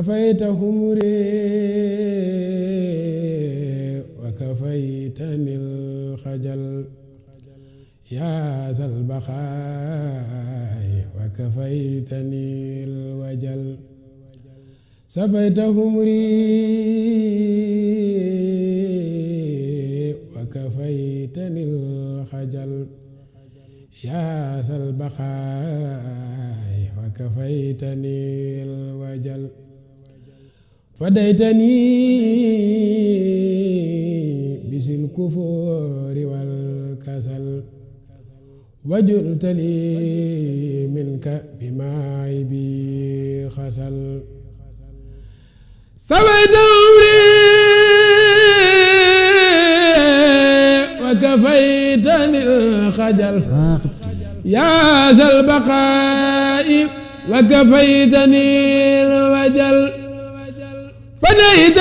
كفيته وكفيتني الخجل يا ذا البقاء وكفيتني الوجل سفيته وكفيتني الخجل يا ذا البقاء وكفيتني الوجل فديتني بشي الكفور والكسل وجلت لي منك بما عيبي خسل سويت عمري وكفيتني الخجل يا ذا البقاء وكفيتني الوجل بزي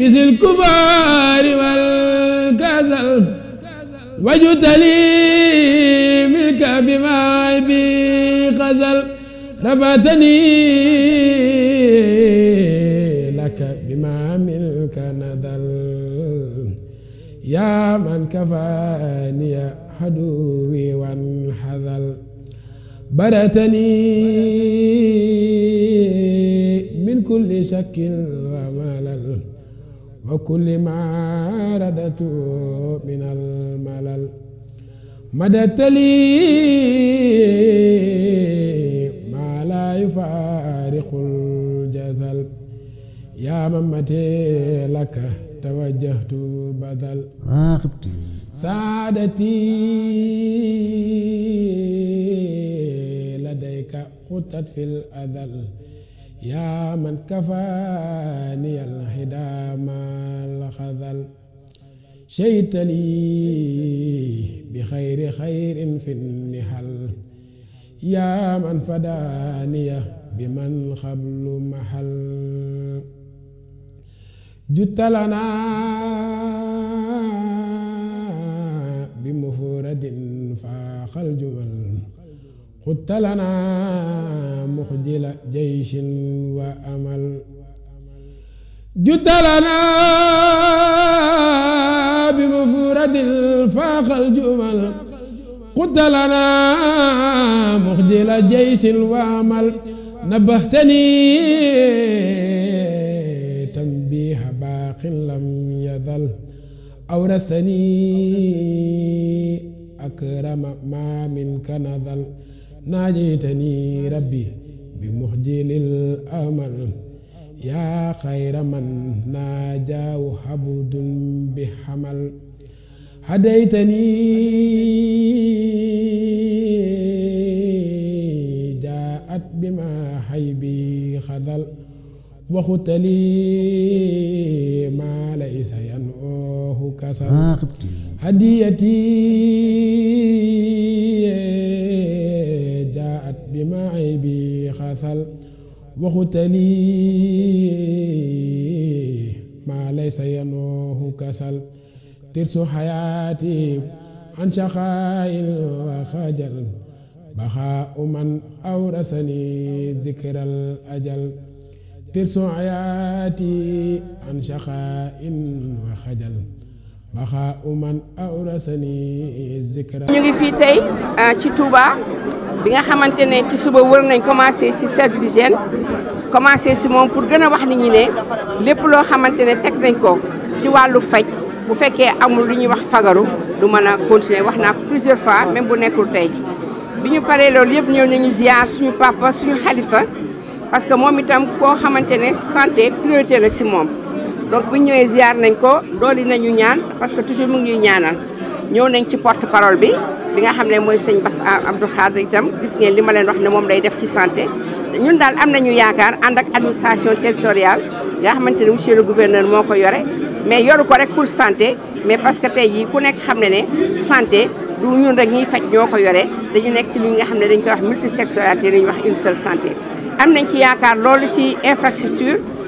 مثل والكازل والكسل وجدلي منك بما بي غزل رفعتني لك بما منك نذل يا من كفاني عدوي وانحذل برتني كل شك وملل وكل ما ردت من الملل مددت لي ما لا يفارق الجذل يا ممتي لك توجهت بدل راغبتي سعادتي لديك خطت في الأذل يا من كفاني الهدى ما الخذل شيت لي بخير خير في النهل يا من فداني بمن قبل محل جدت لنا بمفرد فاخ الجمل قلت لنا مخجل جيش وأمل جد لنا بمفرد فاق الجمل قلت لنا مخجل جيش وأمل نبهتني تنبيه باق لم يذل أورثني أكرم ما منك نذل ناجيتني ربي بمخجل الأمل يا خير من ناجاه وحبد بحمل هديتني جاءت بما حيبي خذل وخت لي ما ليس ينؤه كسل آه، هديتي بما عيبي خثل واختلي ما ليس ينوه كسل ترس حياتي عن شخاء وخجل بخاء من أورسني ذكر الأجل ترس حياتي عن شخاء وخجل ñu ngi fi tey euh, ci Touba bi nga xamante ci suba wër nañ commencé si service commencé pour gën a wax nit ñi ne lépp loo xamante ne nañ ko ci wàllu faj bu fekkee amul li ñuy continuer wax plusieurs fois même bu nekkul tey bi ñu paree loolu yëpp ñëw nañu ziar suñu papa suñu parce que moom itam koo xamante santé priorité la donc bu ñu ñëwee ziar nañ ko dooli nañu ñaan parce que toujours mu ngi ñuy ñaanal ñëw nañ ci porte parole bi bi nga xam ne mooy sëñ Bass Abdou Khadre itam gis ngeen li ma leen wax ne moom lay def ci santé ñun daal am nañu yaakaar ànd ak administration territoriale nga xamante ne monsieur le gouverneur moo ko yore mais yoru ko rek pour santé mais parce que tey jii ku nekk xam ne ne santé du ñun rek ñuy faj ñoo ko yore dañu nekk ci li nga xam ne dañ koy wax multisectorialité li ñu wax une seule santé am nañ ci yaakaar loolu ci infrastructure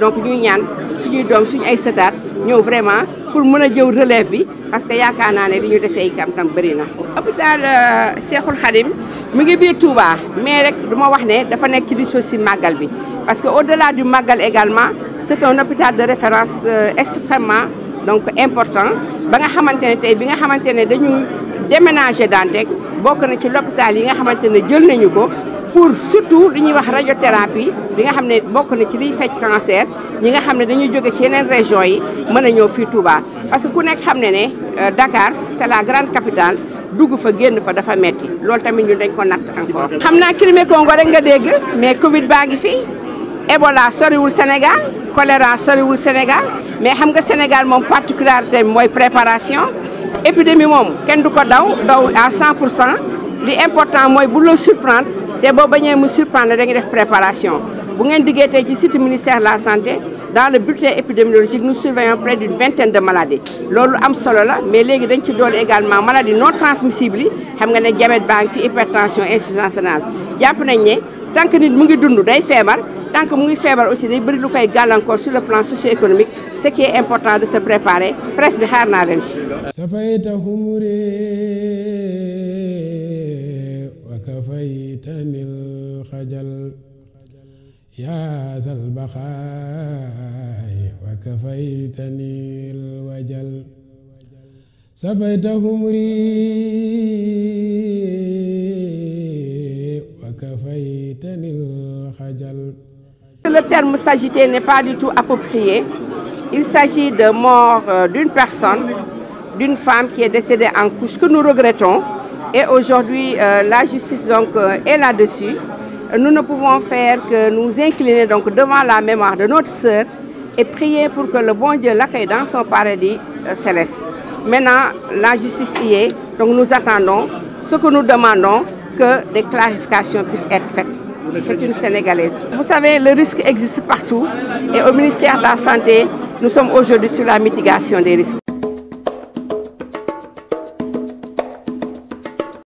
donc nous ñaan suñuy doom suñu ay sétat ñeu vraiment pour mëna jëw relève bi parce que yaakaar né ne li ñu desee kam tam bëri na. hôpital euh, Cheikhoul Khadim mi ngi biir Touba mais rek duma wax ne dafa nek ci dispositif magal bi parce que au delà du magal également c'est un hôpital de référence euh, extrêmement donc important ba nga xamante tay bi nga xamante dañu déménager Dantec bokk na ci l'hôpital yi nga xamante jël nañu ko pour surtout li ñuy wax radiothérapie bi nga xamné ne bokk na ci liy faj cancer ñi nga xamné dañuy joggé ci yeneen région yi mëna ñoo fi Touba parce que ku nekk xamné né euh, Dakar c'est la grande capitale dugg fa génn fa dafa metti loolu tamit ñu dañ ko natt encore xam naa Crimée Congo rek nga dégg mais Covid baa ngi fi Ebola soriwul Sénégal choléra soriwul Sénégal mais xam nga Sénégal moom particularité mooy préparation épidémie moom kenn du ko daw daw à 100 li important mooy bu la surprendre te boo bañee mu surprendre da préparation Si ngeen diggee ci site ministère de la santé dans le bulletin épidémiologique nous surveillons près d'une vingtaine de maladies C'est am solo la mais léegi dañ ci également maladies non transmissibles qui xam nga ne diabète baa ngi fi hypertension insuffisance rénale jàpp nañ tant que nous mu ngi dund day tant que nous ngi feebar aussi nous avons encore koy gàllankoor sur le plan socio-économique ce qui est important de se préparer presse bi xaar le terme sagité n'est pas du tout approprié. Il s'agit de mort euh, d'une personne, d'une femme qui est décédée en couche que nous regrettons. Et aujourd'hui, euh, la justice donc, euh, est là-dessus. Nous ne pouvons faire que nous incliner donc, devant la mémoire de notre sœur et prier pour que le bon Dieu l'accueille dans son paradis euh, céleste. Maintenant, la justice y est, donc nous attendons ce que nous demandons, que des clarifications puissent être faites. C'est une Sénégalaise. Vous savez, le risque existe partout et au ministère de la Santé, nous sommes aujourd'hui sur la mitigation des risques.